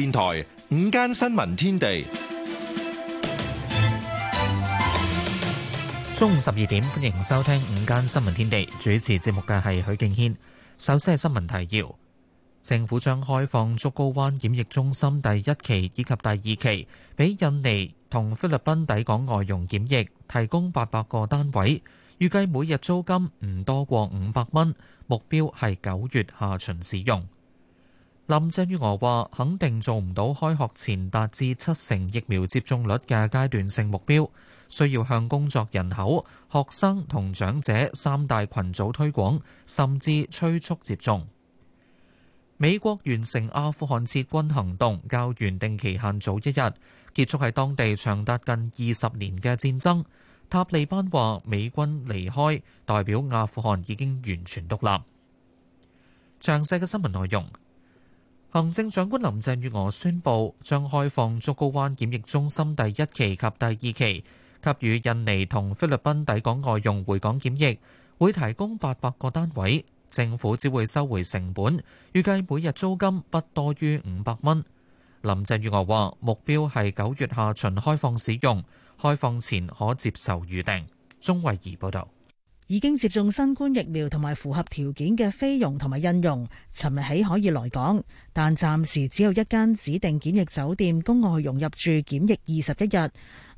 電台午間新聞天地，中午十二點，歡迎收聽午間新聞天地。主持節目嘅係許敬軒。首先係新聞提要：政府將開放竹篙灣檢疫中心第一期以及第二期，俾印尼同菲律賓抵港外傭檢疫，提供八百個單位，預計每日租金唔多過五百蚊，目標係九月下旬使用。林鄭月娥話：肯定做唔到開學前達至七成疫苗接種率嘅階段性目標，需要向工作人口、學生同長者三大群組推廣，甚至催促接種。美國完成阿富汗撤軍行動，較原定期限早一日，結束喺當地長達近二十年嘅戰爭。塔利班話，美軍離開代表阿富汗已經完全獨立。詳細嘅新聞內容。行政長官林鄭月娥宣布將開放竹篙灣檢疫中心第一期及第二期，給予印尼同菲律賓抵港外傭回港檢疫，會提供八百個單位。政府只會收回成本，預計每日租金不多於五百蚊。林鄭月娥話：目標係九月下旬開放使用，開放前可接受預定。鍾慧儀報導。已經接種新冠疫苗同埋符合條件嘅菲傭同埋印傭，尋日起可以來港，但暫時只有一間指定檢疫酒店供外傭入住檢疫二十一日。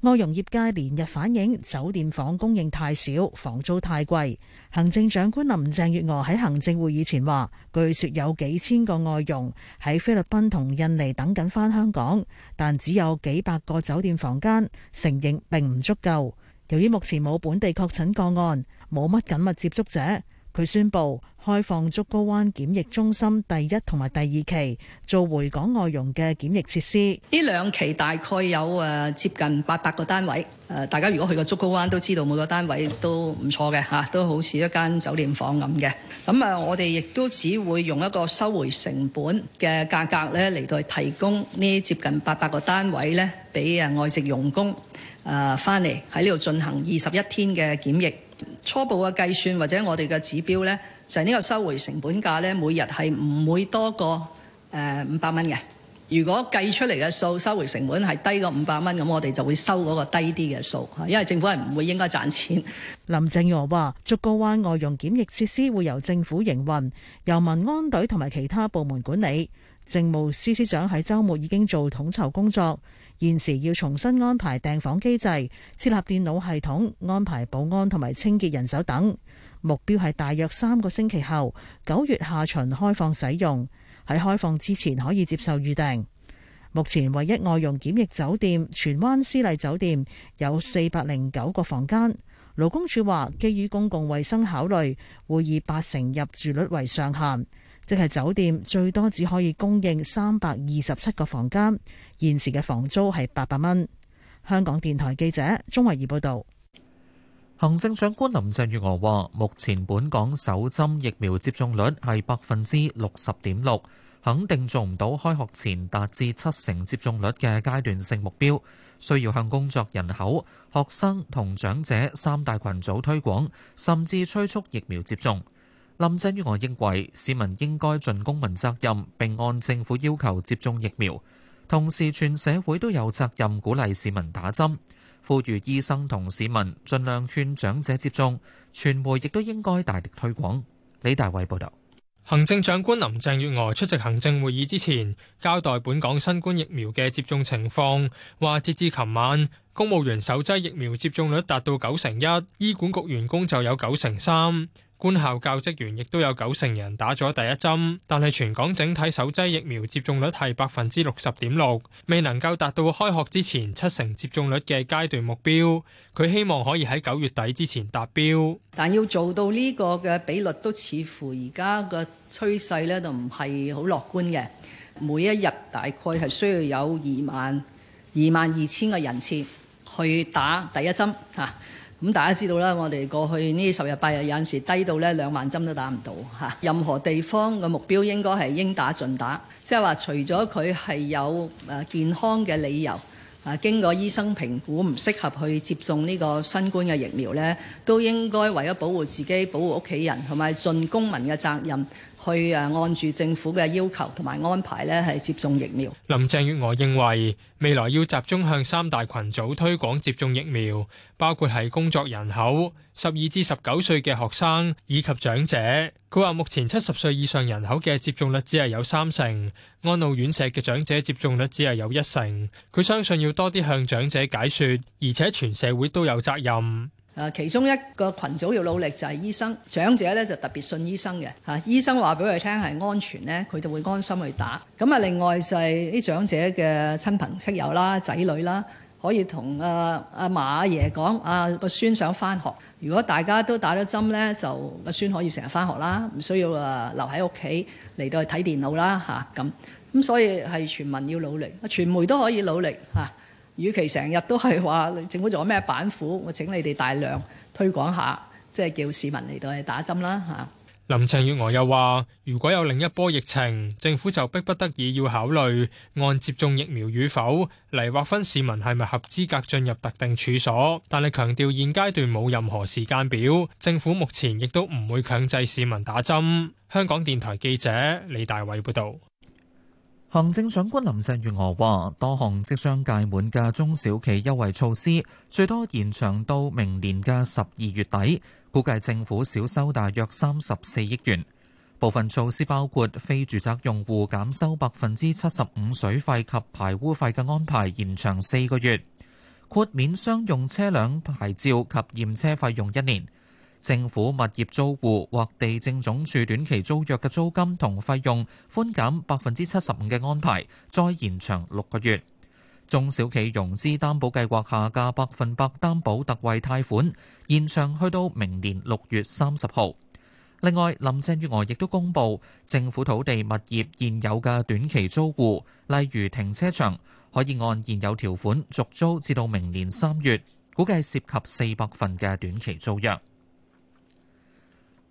外傭業界連日反映酒店房供應太少，房租太貴。行政長官林鄭月娥喺行政會議前話，據說有幾千個外傭喺菲律賓同印尼等緊返香港，但只有幾百個酒店房間，承認並唔足夠。由於目前冇本地確診個案。冇乜緊密接觸者，佢宣布開放竹篙灣檢疫中心第一同埋第二期做回港外傭嘅檢疫設施。呢兩期大概有誒接近八百個單位。誒，大家如果去過竹篙灣都知道每個單位都唔錯嘅嚇，都好似一間酒店房咁嘅。咁啊，我哋亦都只會用一個收回成本嘅價格咧嚟到提供呢接近八百個單位咧，俾誒外籍傭工誒翻嚟喺呢度進行二十一天嘅檢疫。初步嘅計算或者我哋嘅指標呢，就係、是、呢個收回成本價呢，每日係唔會多過誒五百蚊嘅。如果計出嚟嘅數收回成本係低過五百蚊，咁我哋就會收嗰個低啲嘅數，因為政府係唔會應該賺錢。林鄭月娥話，竹篙灣外傭檢疫設施會由政府營運，由民安隊同埋其他部門管理。政務司司長喺週末已經做統籌工作。現時要重新安排訂房機制，設立電腦系統，安排保安同埋清潔人手等。目標係大約三個星期後，九月下旬開放使用。喺開放之前可以接受預訂。目前唯一外傭檢疫酒店荃灣絲麗酒店有四百零九個房間。勞工處話，基於公共衛生考慮，會以八成入住率為上限。即係酒店最多只可以供應三百二十七個房間，現時嘅房租係八百蚊。香港電台記者鍾慧儀報道。行政長官林鄭月娥話：目前本港首針疫苗接種率係百分之六十點六，肯定做唔到開學前達至七成接種率嘅階段性目標，需要向工作人口、學生同長者三大群組推廣，甚至催促疫苗接種。林鄭月娥認為市民應該盡公民責任，並按政府要求接種疫苗。同時，全社會都有責任鼓勵市民打針，呼籲醫生同市民盡量勸長者接種。傳媒亦都應該大力推廣。李大偉報導。行政長官林鄭月娥出席行政會議之前，交代本港新冠疫苗嘅接種情況，話截至琴晚，公務員首劑疫苗接種率達到九成一，醫管局員工就有九成三。官校教職員亦都有九成人打咗第一針，但係全港整體首劑疫苗接種率係百分之六十點六，未能夠達到開學之前七成接種率嘅階段目標。佢希望可以喺九月底之前達標。但要做到呢個嘅比率，都似乎而家個趨勢咧，就唔係好樂觀嘅。每一日大概係需要有二萬二萬二千個人次去打第一針嚇。咁大家知道啦，我哋過去呢十日八日有陣時低到咧兩萬針都打唔到嚇，任何地方嘅目標應該係應打盡打，即係話除咗佢係有誒健康嘅理由啊，經過醫生評估唔適合去接種呢個新冠嘅疫苗呢，都應該為咗保護自己、保護屋企人同埋盡公民嘅責任。去啊！按住政府嘅要求同埋安排咧，係接種疫苗。林鄭月娥認為未來要集中向三大群組推廣接種疫苗，包括係工作人口、十二至十九歲嘅學生以及長者。佢話目前七十歲以上人口嘅接種率只係有三成，安老院舍嘅長者接種率只係有一成。佢相信要多啲向長者解說，而且全社會都有責任。誒，其中一個群組要努力就係醫生。長者呢，就特別信醫生嘅嚇、啊。醫生話俾佢聽係安全呢，佢就會安心去打。咁啊，另外就係、是、啲長者嘅親朋戚友啦、仔女啦，可以同阿阿嫲阿爺講，啊，啊，啊個孫想翻學。如果大家都打咗針呢，就個孫、啊、可以成日翻學啦，唔需要啊留喺屋企嚟到去睇電腦啦嚇咁。咁、啊啊啊啊、所以係全民要努力，啊，傳媒都可以努力嚇。啊與其成日都係話政府做咩板斧，我請你哋大量推廣下，即係叫市民嚟到嚟打針啦嚇。林鄭月娥又話：如果有另一波疫情，政府就迫不得已要考慮按接種疫苗與否嚟劃分市民係咪合資格進入特定處所。但係強調現階段冇任何時間表，政府目前亦都唔會強制市民打針。香港電台記者李大偉報導。行政長官林鄭月娥話，多項即將屆滿嘅中小企優惠措施最多延長到明年嘅十二月底，估計政府少收大約三十四億元。部分措施包括非住宅用戶減收百分之七十五水費及排污費嘅安排延長四個月，豁免商用車輛牌照及驗車費用一年。政府物業租戶或地政總署短期租約嘅租金同費用寬減百分之七十五嘅安排，再延長六個月。中小企融資擔保計劃下嘅百分百擔保特惠貸款，延長去到明年六月三十號。另外，林鄭月娥亦都公布，政府土地物業現有嘅短期租戶，例如停車場，可以按現有條款續租至到明年三月，估計涉及四百份嘅短期租約。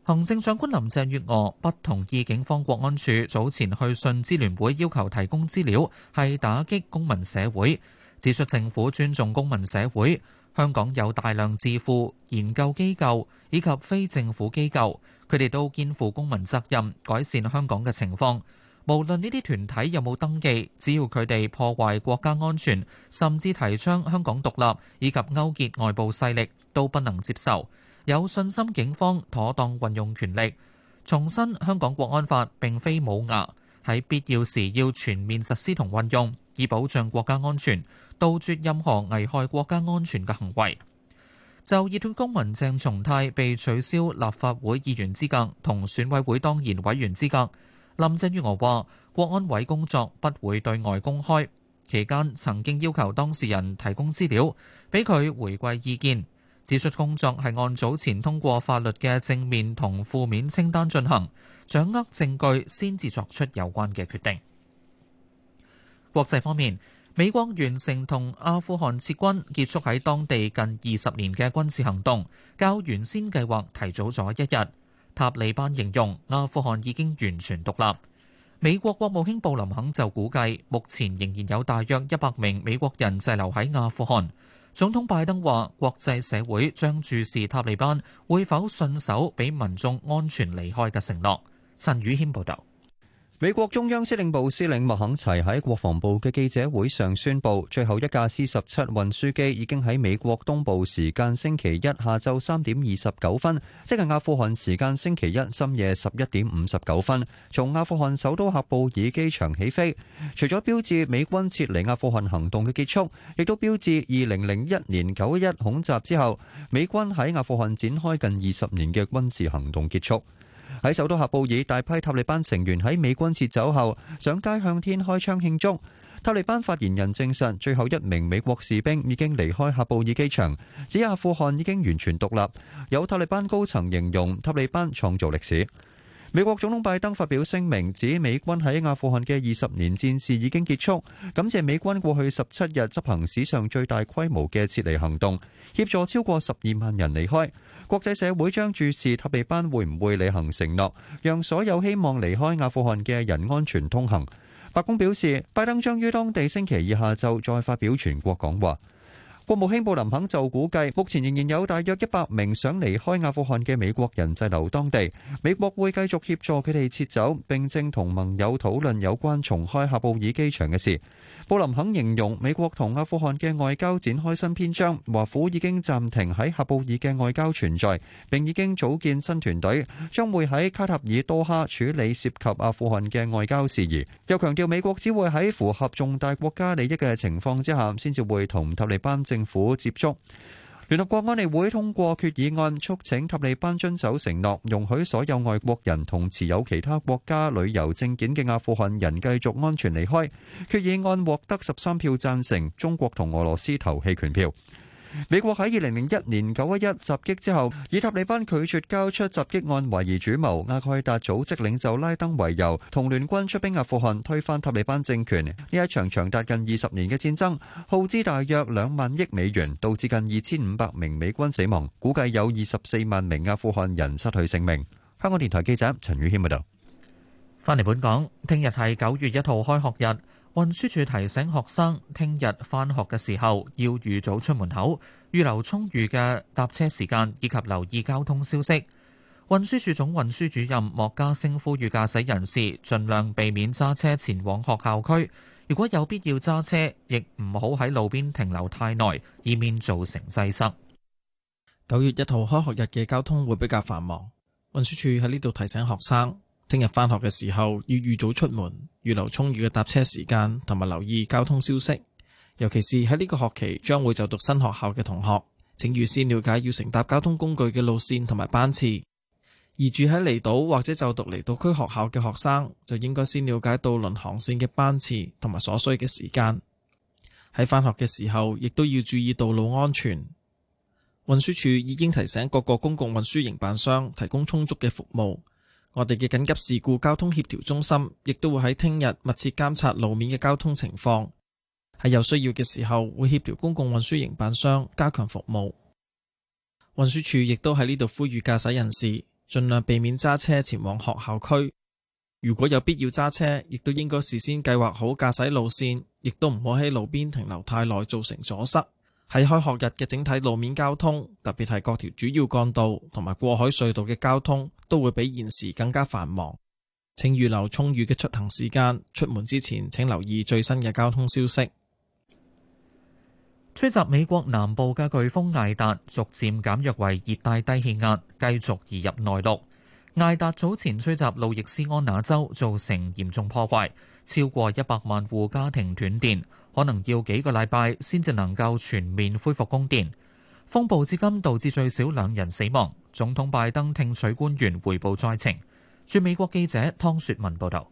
行政長官林鄭月娥不同意警方國安處早前去信支聯會要求提供資料，係打擊公民社會。指出政府尊重公民社會，香港有大量智庫研究機構以及非政府機構，佢哋都肩負公民責任，改善香港嘅情況。無論呢啲團體有冇登記，只要佢哋破壞國家安全，甚至提倡香港獨立以及勾結外部勢力，都不能接受。有信心警方妥當運用權力，重申香港國安法並非冇牙，喺必要時要全面實施同運用，以保障國家安全，杜絕任何危害國家安全嘅行為。就熱血公民鄭松泰被取消立法會議員資格同選委會當然委員資格，林鄭月娥話國安委工作不會對外公開，期間曾經要求當事人提供資料，俾佢回饋意見。指出工作係按早前通過法律嘅正面同負面清單進行，掌握證據先至作出有關嘅決定。國際方面，美國完成同阿富汗撤軍，結束喺當地近二十年嘅軍事行動，較原先計劃提早咗一日。塔利班形容，阿富汗已經完全獨立。美國國務卿布林肯就估計，目前仍然有大約一百名美國人滯留喺阿富汗。總統拜登話：國際社會將注視塔利班會否信守俾民眾安全離開嘅承諾。陳宇謙報道。美國中央司令部司令麥肯齊喺國防部嘅記者會上宣布，最後一架 C 十七運輸機已經喺美國東部時間星期一下晝三點二十九分，即係阿富汗時間星期一深夜十一點五十九分，從阿富汗首都喀布爾機場起飛。除咗標誌美軍撤離阿富汗行動嘅結束，亦都標誌二零零一年九一一恐襲之後，美軍喺阿富汗展開近二十年嘅軍事行動結束。喺首都喀布爾，大批塔利班成員喺美軍撤走後上街向天開槍慶祝。塔利班發言人證實，最後一名美國士兵已經離開喀布爾機場，指阿富汗已經完全獨立。有塔利班高層形容塔利班創造歷史。美國總統拜登發表聲明，指美軍喺阿富汗嘅二十年戰事已經結束，感謝美軍過去十七日執行史上最大規模嘅撤離行動，協助超過十二萬人離開。國際社會將注視塔利班會唔會履行承諾，讓所有希望離開阿富汗嘅人安全通行。白宮表示，拜登將於當地星期二下晝再發表全國講話。國務卿布林肯就估計，目前仍然有大約一百名想離開阿富汗嘅美國人滯留當地。美國會繼續協助佢哋撤走，並正同盟友討論有關重開喀布爾機場嘅事。布林肯形容美國同阿富汗嘅外交展開新篇章，華府已經暫停喺喀布爾嘅外交存在，並已經組建新團隊，將會喺卡塔爾多哈處理涉及阿富汗嘅外交事宜。又強調美國只會喺符合重大國家利益嘅情況之下，先至會同塔利班政。政府接觸聯合國安理會通過決議案，促請塔利班遵守承諾，容許所有外國人同持有其他國家旅遊證件嘅阿富汗人繼續安全離開。決議案獲得十三票贊成，中國同俄羅斯投棄權票。美國喺二零零一年九一一襲擊之後，以塔利班拒絕交出襲擊案懷疑主謀阿蓋達組織領袖拉登為由，同聯軍出兵阿富汗，推翻塔利班政權。呢一場長達近二十年嘅戰爭，耗資大約兩萬億美元，導致近二千五百名美軍死亡，估計有二十四萬名阿富汗人失去性命。香港電台記者陳宇謙報道。翻嚟本港，聽日係九月一號開學日。運輸處提醒學生，聽日返學嘅時候要預早出門口，預留充裕嘅搭車時間，以及留意交通消息。運輸處總運輸主任莫家聲呼籲駕駛人士盡量避免揸車前往學校區，如果有必要揸車，亦唔好喺路邊停留太耐，以免造成滯塞。九月一號開學日嘅交通會比較繁忙。運輸處喺呢度提醒學生。聽日返學嘅時候要預早出門，預留充裕嘅搭車時間，同埋留意交通消息。尤其是喺呢個學期將會就讀新學校嘅同學，請預先了解要乘搭交通工具嘅路線同埋班次。而住喺離島或者就讀離島區學校嘅學生，就應該先了解到輪航線嘅班次同埋所需嘅時間。喺返學嘅時候，亦都要注意道路安全。運輸署已經提醒各個公共運輸營辦商提供充足嘅服務。我哋嘅緊急事故交通協調中心亦都會喺聽日密切監察路面嘅交通情況，喺有需要嘅時候會協調公共運輸營辦商加強服務。運輸署亦都喺呢度呼籲駕駛人士盡量避免揸車前往學校區，如果有必要揸車，亦都應該事先計劃好駕駛路線，亦都唔好喺路邊停留太耐造成阻塞。喺開學日嘅整體路面交通，特別係各條主要幹道同埋過海隧道嘅交通，都會比現時更加繁忙，請預留充裕嘅出行時間。出門之前，請留意最新嘅交通消息。吹襲美國南部嘅颶風艾達，逐漸減弱為熱帶低氣壓，繼續移入內陸。艾達早前吹襲路易斯安那州，造成嚴重破壞，超過一百萬戶家庭斷電。可能要幾個禮拜先至能夠全面恢復供電。風暴至今導致最少兩人死亡。總統拜登聽取官員匯報災情。駐美國記者湯雪文報導。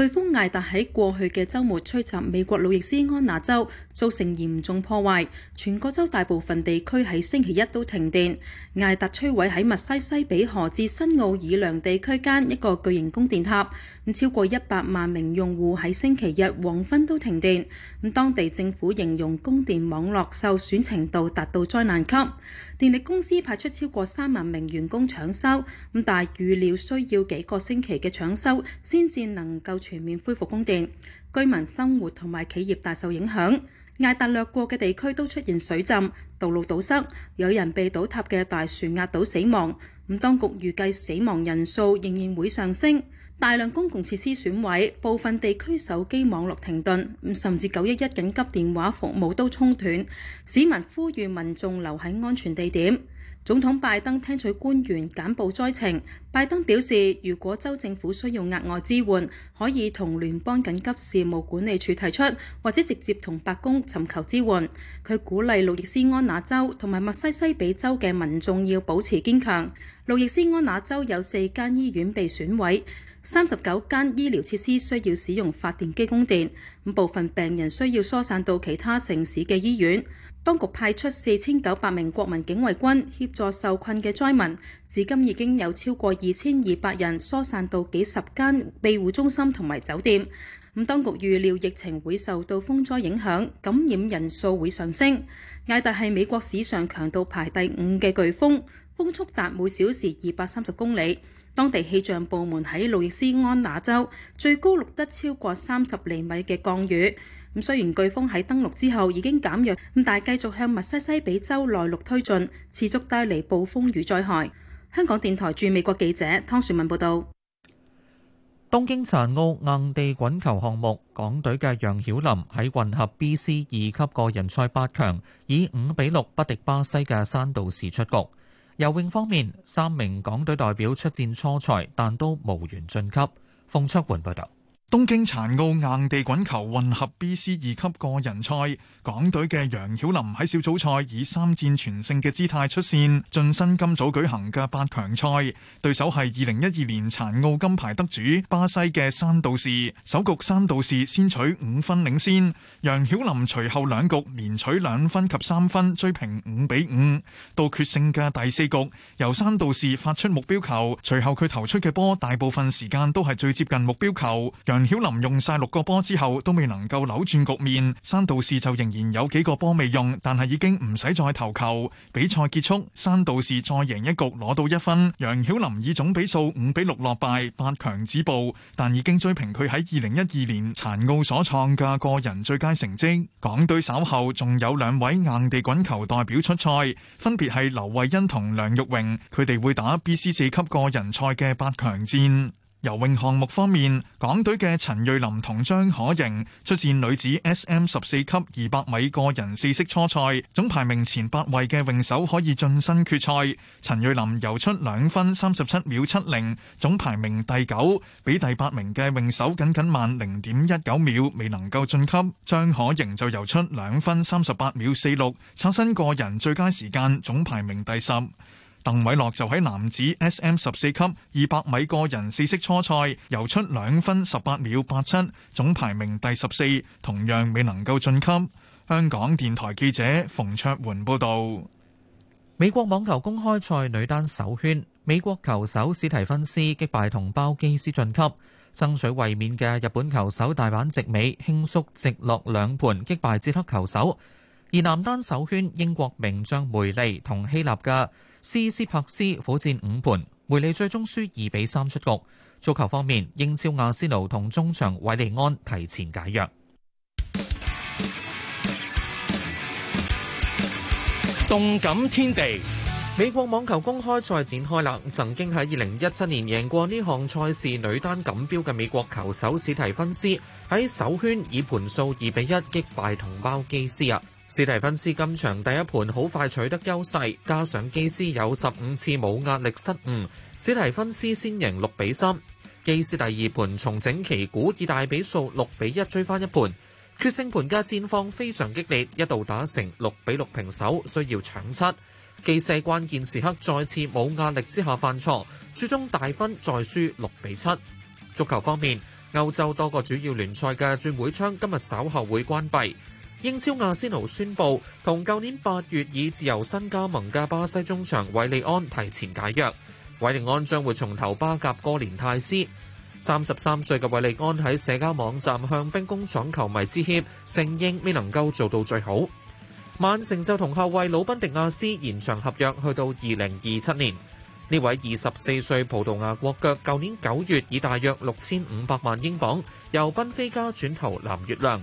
颶風艾達喺過去嘅周末吹襲美國路易斯安那州，造成嚴重破壞。全個州大部分地區喺星期一都停電。艾達摧毀喺密西西比河至新奧爾良地區間一個巨型供電塔，咁超過一百萬名用戶喺星期日黃昏都停電。咁當地政府形容供電網絡受損程度達到災難級。電力公司派出超過三萬名員工搶修，咁但係預料需要幾個星期嘅搶修先至能夠全面恢復供電，居民生活同埋企業大受影響。艾達略過嘅地區都出現水浸、道路堵塞，有人被倒塌嘅大樹壓倒死亡，咁當局預計死亡人數仍然會上升。大量公共設施損毀，部分地區手機網絡停頓，甚至九一一緊急電話服務都中斷，市民呼籲民眾留喺安全地點。總統拜登聽取官員簡報災情。拜登表示，如果州政府需要額外支援，可以同聯邦緊急事務管理處提出，或者直接同白宮尋求支援。佢鼓勵路易斯安那州同埋密西西比州嘅民眾要保持堅強。路易斯安那州有四間醫院被損毀。三十九間醫療設施需要使用發電機供電，咁部分病人需要疏散到其他城市嘅醫院。當局派出四千九百名國民警衛軍協助受困嘅災民，至今已經有超過二千二百人疏散到幾十間庇護中心同埋酒店。咁當局預料疫情會受到風災影響，感染人數會上升。艾達係美國史上強度排第五嘅颶風，風速達每小時二百三十公里。當地氣象部門喺路易斯安那州最高錄得超過三十厘米嘅降雨。咁雖然颶風喺登陸之後已經減弱，咁但係繼續向密西西比州內陸推進，持續帶嚟暴風雨災害。香港電台駐美國記者湯雪文報道：「東京殘奧硬地滾球項目，港隊嘅楊曉林喺混合 B C 二級個人賽八強，以五比六不敵巴西嘅山道士出局。游泳方面，三名港隊代表出戰初賽，但都無緣晉級。馮卓桓報道。東京殘奧硬地滾球混合 BC 二級個人賽，港隊嘅楊曉琳喺小組賽以三戰全勝嘅姿態出線，晉身今早舉行嘅八強賽。對手係二零一二年殘奧金牌得主巴西嘅山道士。首局山道士先取五分領先，楊曉琳隨後兩局連取兩分及三分追平五比五。到決勝嘅第四局，由山道士發出目標球，隨後佢投出嘅波大部分時間都係最接近目標球，楊曉琳用晒六個波之後，都未能夠扭轉局面。山道士就仍然有幾個波未用，但係已經唔使再投球。比賽結束，山道士再贏一局，攞到一分。楊曉琳以總比數五比六落敗，八強止步，但已經追平佢喺二零一二年殘奧所創嘅個人最佳成績。港隊稍後仲有兩位硬地滾球代表出賽，分別係劉慧欣同梁玉榮，佢哋會打 BC 四級個人賽嘅八強戰。游泳項目方面，港隊嘅陳瑞琳同張可盈出戰女子 S.M. 十四級二百米個人四式初賽，總排名前八位嘅泳手可以晉身決賽。陳瑞琳游出兩分三十七秒七零，總排名第九，比第八名嘅泳手僅僅慢零點一九秒，未能夠晉級。張可盈就游出兩分三十八秒四六，刷新個人最佳時間，總排名第十。鄧偉樂就喺男子 S.M. 十四級二百米個人四式初賽游出兩分十八秒八七，總排名第十四，同樣未能夠晉級。香港電台記者馮卓媛報道。美國網球公開賽女單首圈，美國球手史提芬斯擊敗同胞基斯晉級，爭取衛冕嘅日本球手大阪直美輕鬆直落兩盤擊敗捷克球手。而男單首圈，英國名將梅利同希臘嘅。斯斯帕斯苦戰五盤，梅利最終輸二比三出局。足球方面，英超阿仙奴同中場韋利安提前解約。動感天地，美國網球公開賽展開啦！曾經喺二零一七年贏過呢項賽事女單錦標嘅美國球手史提芬斯喺首圈以盤數二比一擊敗同胞基斯啊！史提芬斯今場第一盤好快取得優勢，加上基斯有十五次冇壓力失誤，史提芬斯先贏六比三。基斯第二盤重整旗鼓，以大比數六比一追翻一盤。決勝盤嘅戰況非常激烈，一度打成六比六平手，需要搶七。基斯關鍵時刻再次冇壓力之下犯錯，最終大分再輸六比七。足球方面，歐洲多個主要聯賽嘅轉會窗今日稍後會關閉。英超阿仙奴宣布，同舊年八月以自由身加盟嘅巴西中場韋利安提前解約，韋利安將會重投巴甲哥連泰斯。三十三歲嘅韋利安喺社交網站向兵工廠球迷致歉，承認未能夠做到最好。曼城就同後衛魯賓迪亞斯延長合約去到二零二七年。呢位二十四歲葡萄牙國腳，舊年九月以大約六千五百萬英鎊由賓菲加轉投藍月亮。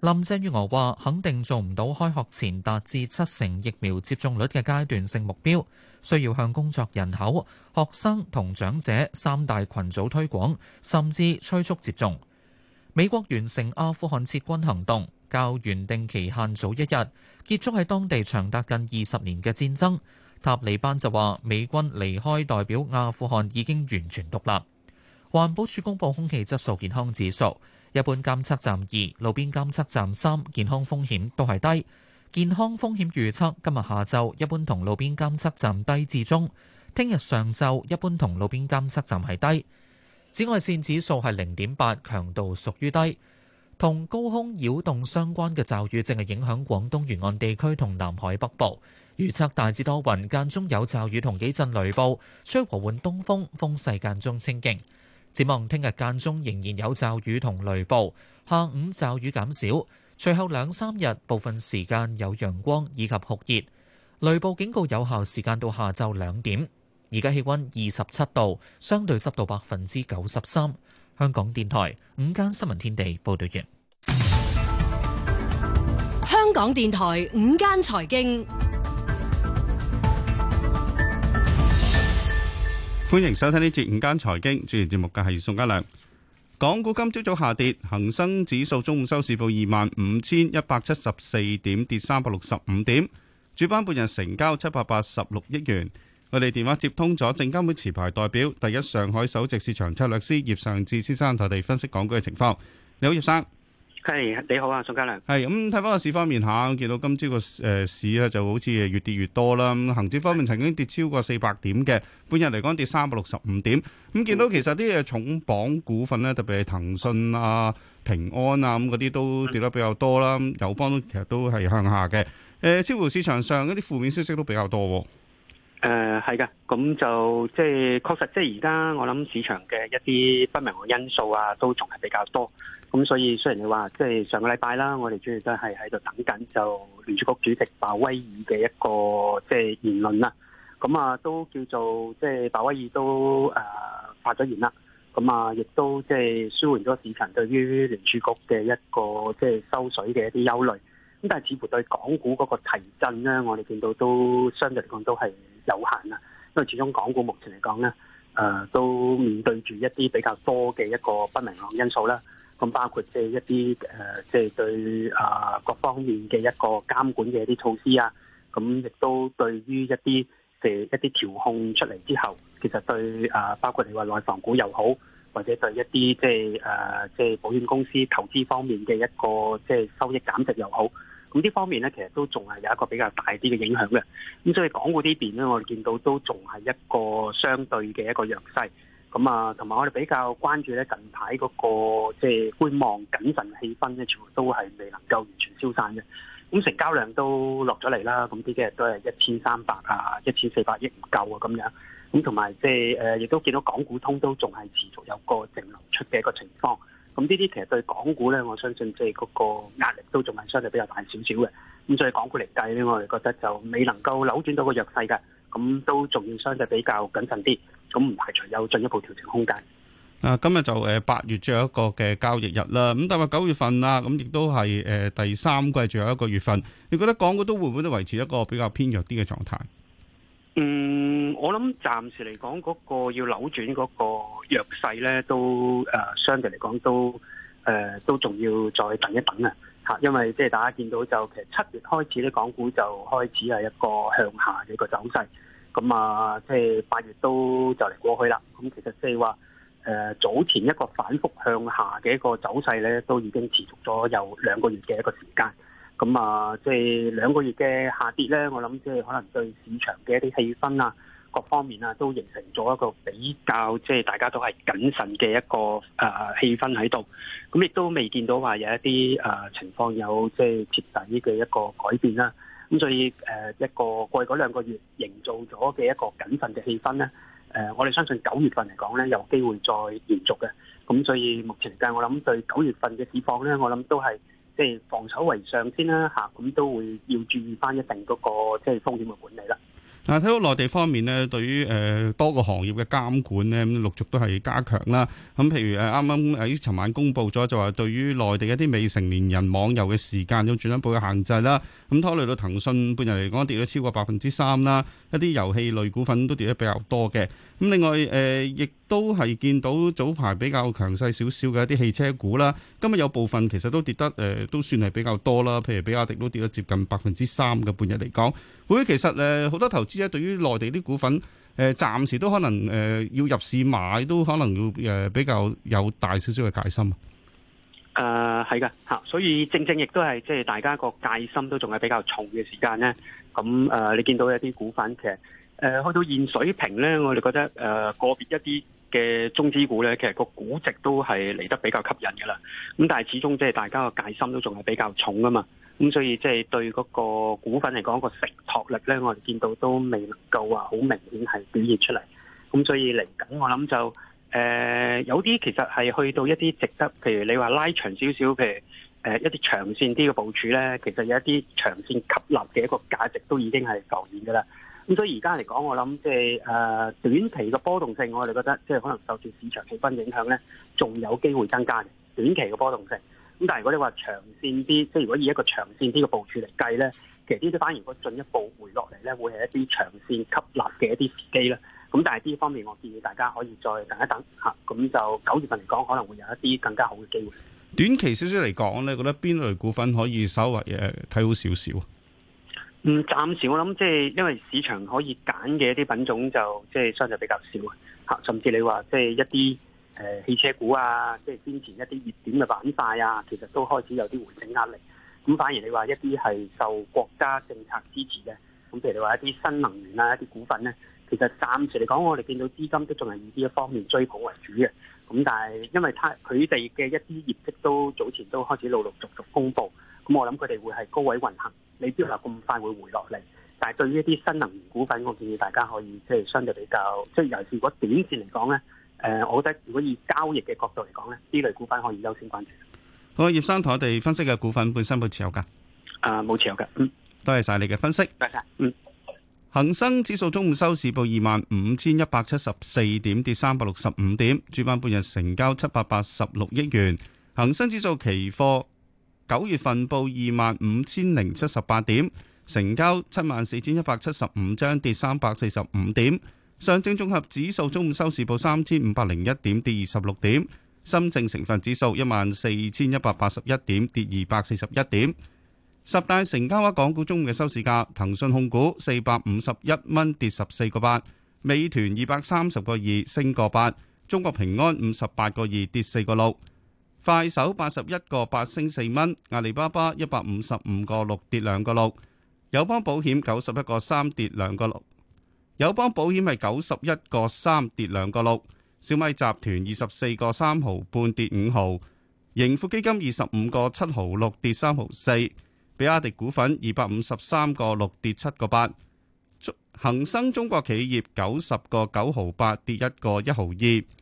林鄭月娥話：肯定做唔到開學前達至七成疫苗接種率嘅階段性目標，需要向工作人口、學生同長者三大群組推廣，甚至催促接種。美國完成阿富汗撤軍行動，較原定期限早一日，結束喺當地長達近二十年嘅戰爭。塔利班就話美軍離開代表阿富汗已經完全獨立。環保署公布空氣質素健康指數。一般監測站二、路邊監測站三，健康風險都係低。健康風險預測今日下晝一般同路邊監測站低至中，聽日上晝一般同路邊監測站係低。紫外線指數係零點八，強度屬於低。同高空擾動相關嘅驟雨，淨係影響廣東沿岸地區同南海北部。預測大致多雲，間中有驟雨同幾陣雷暴，吹和緩東風，風勢間中清勁。展望聽日間中仍然有驟雨同雷暴，下午驟雨減少，隨後兩三日部分時間有陽光以及酷熱。雷暴警告有效時間到下晝兩點。而家氣温二十七度，相對濕度百分之九十三。香港電台午間新聞天地報道完。香港電台午間財經。歡迎收聽呢節午間財經，主持節目嘅係宋嘉良。港股今朝早下跌，恒生指數中午收市報二萬五千一百七十四點，跌三百六十五點。主板半日成交七百八十六億元。我哋電話接通咗證監會持牌代表、第一上海首席市場策略師葉尚志先生，同我哋分析港股嘅情況。你好，葉生。係、hey，你好啊，宋嘉良。係咁睇翻個市方面吓，見到今朝個誒市咧，就好似越跌越多啦。恒指方面曾經跌超過四百點嘅，半日嚟講跌三百六十五點。咁見到其實啲誒重磅股份咧，特別係騰訊啊、平安啊咁嗰啲都跌得比較多啦。友邦其實都係向下嘅。誒、呃，似乎市場上一啲負面消息都比較多，啊。誒，係噶、嗯，咁就即係確實，即係而家我諗市場嘅一啲不明嘅因素啊，都仲係比較多。咁所以雖然你話即係上個禮拜啦，我哋主要都係喺度等緊，就聯儲局主席鮑威爾嘅一個即係言論啦。咁啊，都叫做即係鮑威爾都誒、呃、發咗言啦。咁啊，亦都即係舒緩咗市場對於聯儲局嘅一個即係收水嘅一啲憂慮。咁但係似乎對港股嗰個提振咧，我哋見到都相對嚟講都係。有限啊，因為始終港股目前嚟講咧，誒、呃、都面對住一啲比較多嘅一個不明朗因素啦。咁包括即係一啲誒，即、呃、係、就是、對啊各方面嘅一個監管嘅一啲措施啊，咁亦都對於一啲即係一啲調控出嚟之後，其實對啊，包括你話內房股又好，或者對一啲即係誒即係保險公司投資方面嘅一個即係收益減值又好。咁呢方面咧，其實都仲係有一個比較大啲嘅影響嘅。咁所以港股呢邊咧，我哋見到都仲係一個相對嘅一個弱勢。咁、嗯、啊，同埋我哋比較關注咧，近排嗰個即係觀望謹慎氣氛咧，全部都係未能夠完全消散嘅。咁、嗯、成交量都落咗嚟啦。咁呢啲嘅都係一千三百啊，一千四百億唔夠啊咁樣。咁同埋即係誒，亦、就是呃、都見到港股通都仲係持續有個淨流出嘅一個情況。咁呢啲其實對港股咧，我相信即係嗰個壓力都仲係相對比較大少少嘅。咁所以港股嚟計咧，我哋覺得就未能夠扭轉到個弱勢嘅，咁都仲要相對比較謹慎啲。咁唔排除有進一步調整空間。啊，今日就誒八月最後一個嘅交易日啦。咁但係九月份啦，咁亦都係誒第三季最後一個月份。你覺得港股都會唔會都維持一個比較偏弱啲嘅狀態？嗯，我諗暫時嚟講，嗰個要扭轉嗰個弱勢咧，都誒、呃、相對嚟講都誒、呃、都仲要再等一等啊！吓，因為即係大家見到就其實七月開始咧，港股就開始係一個向下嘅一個走勢。咁啊，即係八月都就嚟過去啦。咁其實即係話誒早前一個反復向下嘅一個走勢咧，都已經持續咗有兩個月嘅一個時間。咁啊，即係兩個月嘅下跌咧，我諗即係可能對市場嘅一啲氣氛啊，各方面啊，都形成咗一個比較即係大家都係謹慎嘅一個啊氣氛喺度。咁亦都未見到話有一啲啊情況有即係徹底嘅一個改變啦。咁所以誒一個過去嗰兩個月營造咗嘅一個謹慎嘅氣氛咧，誒我哋相信九月份嚟講咧有機會再延續嘅。咁所以目前嚟講，我諗對九月份嘅市況咧，我諗都係。即係防守為上先啦嚇，咁都會要注意翻一定嗰個即係風險嘅管理啦。嗱，睇到內地方面呢，對於誒多個行業嘅監管呢，咁陸續都係加強啦。咁譬如誒，啱啱喺尋晚公布咗，就話對於內地一啲未成年人網遊嘅時間要進一步嘅限制啦。咁拖累到騰訊半日嚟講，跌咗超過百分之三啦。一啲遊戲類股份都跌得比較多嘅。咁另外誒、呃、亦。都係見到早排比較強勢少少嘅一啲汽車股啦，今日有部分其實都跌得誒，都算係比較多啦。譬如比亞迪都跌咗接近百分之三嘅半日嚟講，會其實誒好多投資者對於內地啲股份誒暫時都可能誒要入市買都可能要誒比較有大少少嘅戒心。誒係嘅嚇，所以正正亦都係即係大家個戒心都仲係比較重嘅時間咧。咁誒，你見到一啲股份其實誒去到現水平咧，我哋覺得誒個別一啲。嘅中資股咧，其實個估值都係嚟得比較吸引嘅啦。咁但係始終即係大家個戒心都仲係比較重啊嘛。咁所以即係對嗰個股份嚟講，個承托力咧，我哋見到都未能夠話好明顯係表現出嚟。咁所以嚟緊，我諗就誒有啲其實係去到一啲值得，譬如你話拉長少少，譬如誒一啲長線啲嘅部署咧，其實有一啲長線吸納嘅一個價值都已經係浮現嘅啦。咁、嗯、所以而家嚟講，我諗即係誒短期嘅波動性，我哋覺得即係可能受住市場氣氛影響咧，仲有機會增加嘅短期嘅波動性。咁但係如果你話長線啲，即係如果以一個長線啲嘅部署嚟計咧，其實呢啲反而會進一步回落嚟咧，會係一啲長線吸納嘅一啲時機啦。咁但係呢方面，我建議大家可以再等一等嚇。咁、嗯、就九月份嚟講，可能會有一啲更加好嘅機會。短期少少嚟講咧，覺得邊類股份可以稍微誒睇好少少？嗯，暫時我諗即係因為市場可以揀嘅一啲品種就即係相對比較少啊，嚇！甚至你話即係一啲誒汽車股啊，即係先前一啲熱點嘅板塊啊，其實都開始有啲回整壓力。咁反而你話一啲係受國家政策支持嘅，咁譬如你話一啲新能源啊、一啲股份咧，其實暫時嚟講，我哋見到資金都仲係以呢一方面追捧為主嘅。咁但係因為他佢哋嘅一啲業績都早前都開始陸陸續續公布，咁我諗佢哋會係高位運行。你標立咁快會回落嚟，但係對於一啲新能源股份，我建議大家可以即係相對比較，即係尤其如果短線嚟講咧，誒、呃，我覺得如果以交易嘅角度嚟講咧，呢類股份可以優先關注。好，葉生同我哋分析嘅股份本身冇持有噶，啊，冇持有噶，嗯，多謝晒你嘅分析，多謝。嗯，恆生指數中午收市報二萬五千一百七十四點，跌三百六十五點，主板半日成交七百八十六億元，恒生指數期貨。九月份報二萬五千零七十八點，成交七萬四千一百七十五張，跌三百四十五點。上證綜合指數中午收市報三千五百零一點，跌二十六點。深證成分指數一萬四千一百八十一點，跌二百四十一點。十大成交額港股中午嘅收市價，騰訊控股四百五十一蚊，跌十四個八；美團二百三十個二，升個八；中國平安五十八個二，跌四個六。快手八十一個八，升四蚊，阿里巴巴一百五十五個六，跌兩個六，友邦保險九十一個三，跌兩個六，友邦保險係九十一個三，跌兩個六，小米集團二十四個三毫半跌五毫，5. 5 5. 盈富基金二十五個七毫六跌三毫四，5. 比亞迪股份二百五十三個六跌七個八，恒生中國企業九十個九毫八跌一個一毫二。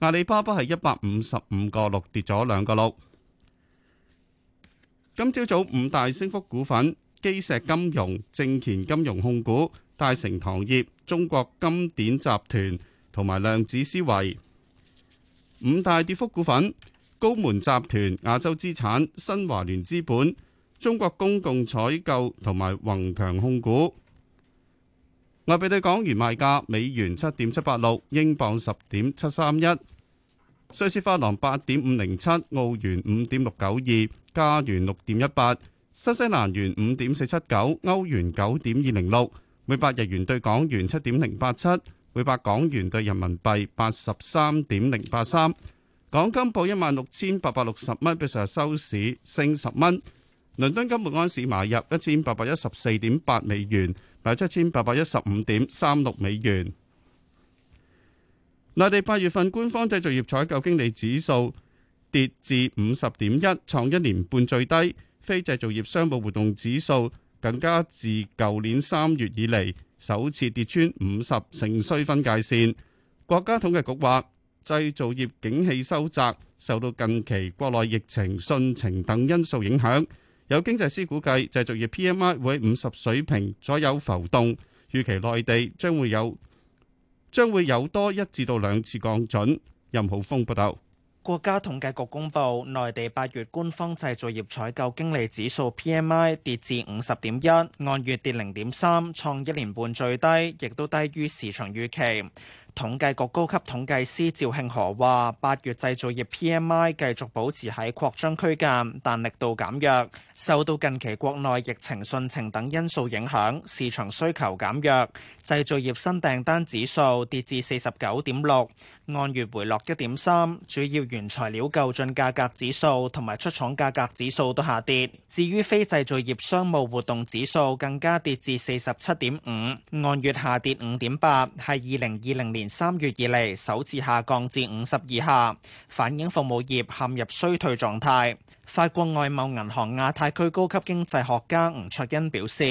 阿里巴巴係一百五十五個六，跌咗兩個六。今朝早，早五大升幅股份：基石金融、正乾金融控股、大成糖業、中國金典集團同埋量子思維。五大跌幅股份：高門集團、亞洲資產、新華聯資本、中國公共採購同埋宏強控股。外幣對港元賣價：美元七點七八六，英鎊十點七三一，瑞士法郎八點五零七，澳元五點六九二，加元六點一八，新西蘭元五點四七九，歐元九點二零六，每百日元對港元七點零八七，每百港元對人民幣八十三點零八三。港金報一萬六千八百六十蚊，比上日收市升十蚊。倫敦金每安士買入一千八百一十四點八美元，賣出一千八百一十五點三六美元。內地八月份官方製造業採購經理指數跌至五十點一，創一年半最低。非製造業商務活動指數更加自舊年三月以嚟首次跌穿五十，盛衰分界線。國家統計局話，製造業景氣收窄，受到近期國內疫情、汛情等因素影響。有經濟師估計，製造業 PMI 會五十水平左右浮動，預期內地將會有將會有多一至到兩次降準。任浩峰報道，國家統計局公佈，內地八月官方製造業採購經理指數 PMI 跌至五十點一，按月跌零點三，創一年半最低，亦都低於市場預期。統計局高級統計師趙慶河話，八月製造業 PMI 繼續保持喺擴張區間，但力度減弱，受到近期國內疫情汛情等因素影響，市場需求減弱，製造業新訂單指數跌至四十九點六，按月回落一點三，主要原材料購進價格指數同埋出廠價格指數都下跌。至於非製造業商務活動指數更加跌至四十七點五，按月下跌五點八，係二零二零年三月以嚟首次下降至五十以下，反映服務業陷入衰退狀態。法國外貿銀行亞太區高級經濟學家吳卓恩表示，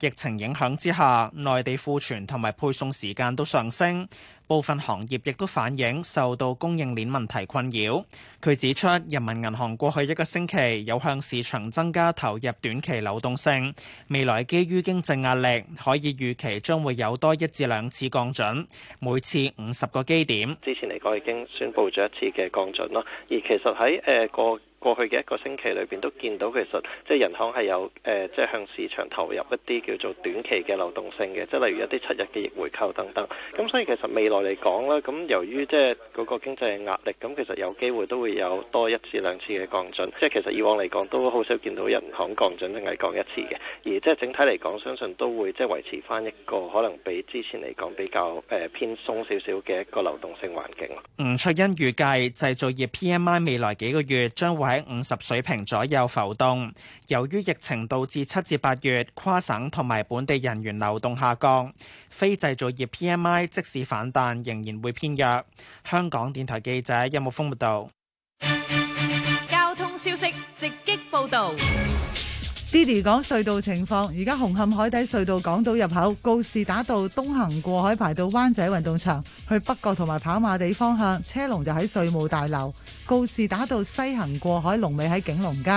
疫情影響之下，內地庫存同埋配送時間都上升，部分行業亦都反映受到供應鏈問題困擾。佢指出，人民銀行過去一個星期有向市場增加投入短期流動性，未來基於經濟壓力，可以預期將會有多一至兩次降準，每次五十個基點。之前嚟講已經宣布咗一次嘅降準咯，而其實喺誒個。呃過去嘅一個星期裏邊都見到，其實即係銀行係有誒，即係向市場投入一啲叫做短期嘅流動性嘅，即係例如一啲七日嘅逆回購等等。咁所以其實未來嚟講啦，咁由於即係嗰個經濟壓力，咁其實有機會都會有多一次兩次嘅降準。即係其實以往嚟講都好少見到銀行降準定係降一次嘅，而即係整體嚟講，相信都會即係維持翻一個可能比之前嚟講比較誒、呃、偏鬆少少嘅一個流動性環境咯。吳卓欣預計製造業 PMI 未來幾個月將維喺五十水平左右浮動，由於疫情導致七至八月跨省同埋本地人員流動下降，非製造業 PMI 即使反彈，仍然會偏弱。香港電台記者音樂風報道。交通消息直擊報導。呢啲講隧道情況，而家紅磡海底隧道港島入口告士打道東行過海排到灣仔運動場，去北角同埋跑馬地方向車龍就喺稅務大樓告士打道西行過海龍尾喺景隆街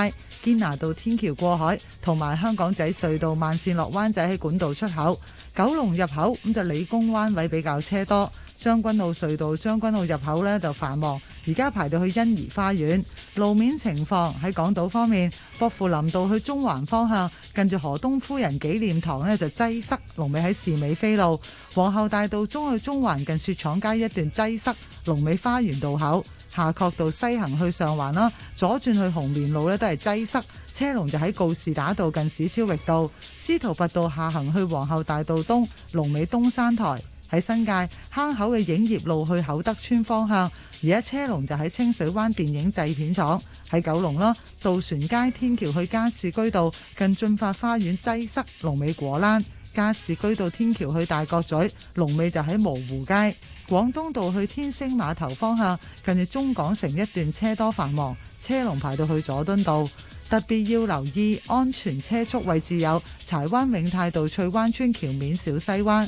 堅拿道天橋過海，同埋香港仔隧道慢線落灣仔喺管道出口，九龍入口咁就理工灣位比較車多，將軍澳隧道將軍澳入口呢，就繁忙。而家排到去欣怡花園。路面情況喺港島方面，薄扶林道去中環方向，近住何東夫人紀念堂呢就擠塞，龍尾喺士美菲路；皇后大道中去中環近雪廠街一段擠塞，龍尾花園道口；夏愨道西行去上環啦，左轉去紅棉路呢都係擠塞，車龍就喺告士打道近史超域道；司徒拔道下行去皇后大道東，龍尾東山台。喺新界坑口嘅影業路去厚德村方向，而家車龍就喺清水灣電影製片廠喺九龍啦，渡船街天橋去加士居道近駿發花園擠塞龍，龍尾果欄；加士居道天橋去大角咀龍尾就喺蕪湖街，廣東道去天星碼頭方向近住中港城一段車多繁忙，車龍排到去佐敦道，特別要留意安全車速位置有柴灣永泰道翠灣村橋面小西灣。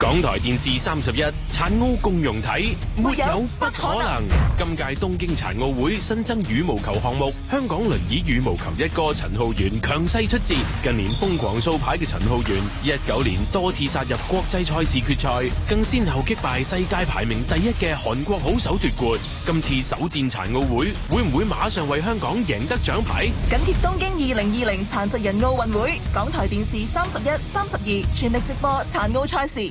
港台電視三十一殘奧共融體沒有，有不可能。今屆東京殘奧會新增羽毛球項目，香港輪椅羽毛球一哥陳浩源強勢出戰。近年瘋狂掃牌嘅陳浩源，一九年多次殺入國際賽事決賽，更先後擊敗世界排名第一嘅韓國好手奪冠。今次首戰殘奧會，會唔會馬上為香港贏得獎牌？緊貼東京二零二零殘疾人奧運會，港台電視三十一、三十二全力直播殘奧賽事。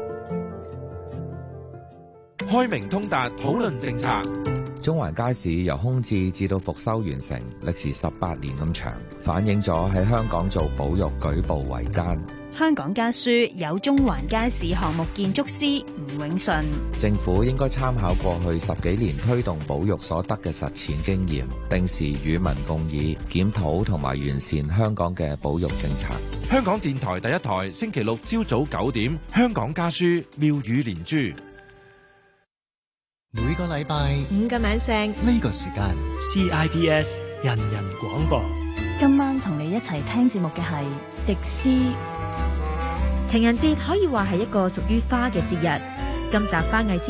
開明通達，討論政策。中環街市由空置至到復修完成，歷時十八年咁長，反映咗喺香港做保育舉步維艱。香港家書有中環街市項目建築師吳永順。政府應該參考過去十幾年推動保育所得嘅實踐經驗，定時與民共議，檢討同埋完善香港嘅保育政策。香港電台第一台星期六朝早九點，香港家書妙語連珠。每個禮拜五個晚上呢個時間，CIBS 人人廣播。今晚同你一齊聽節目嘅係迪斯。情人節可以話係一個屬於花嘅節日。今集花藝師。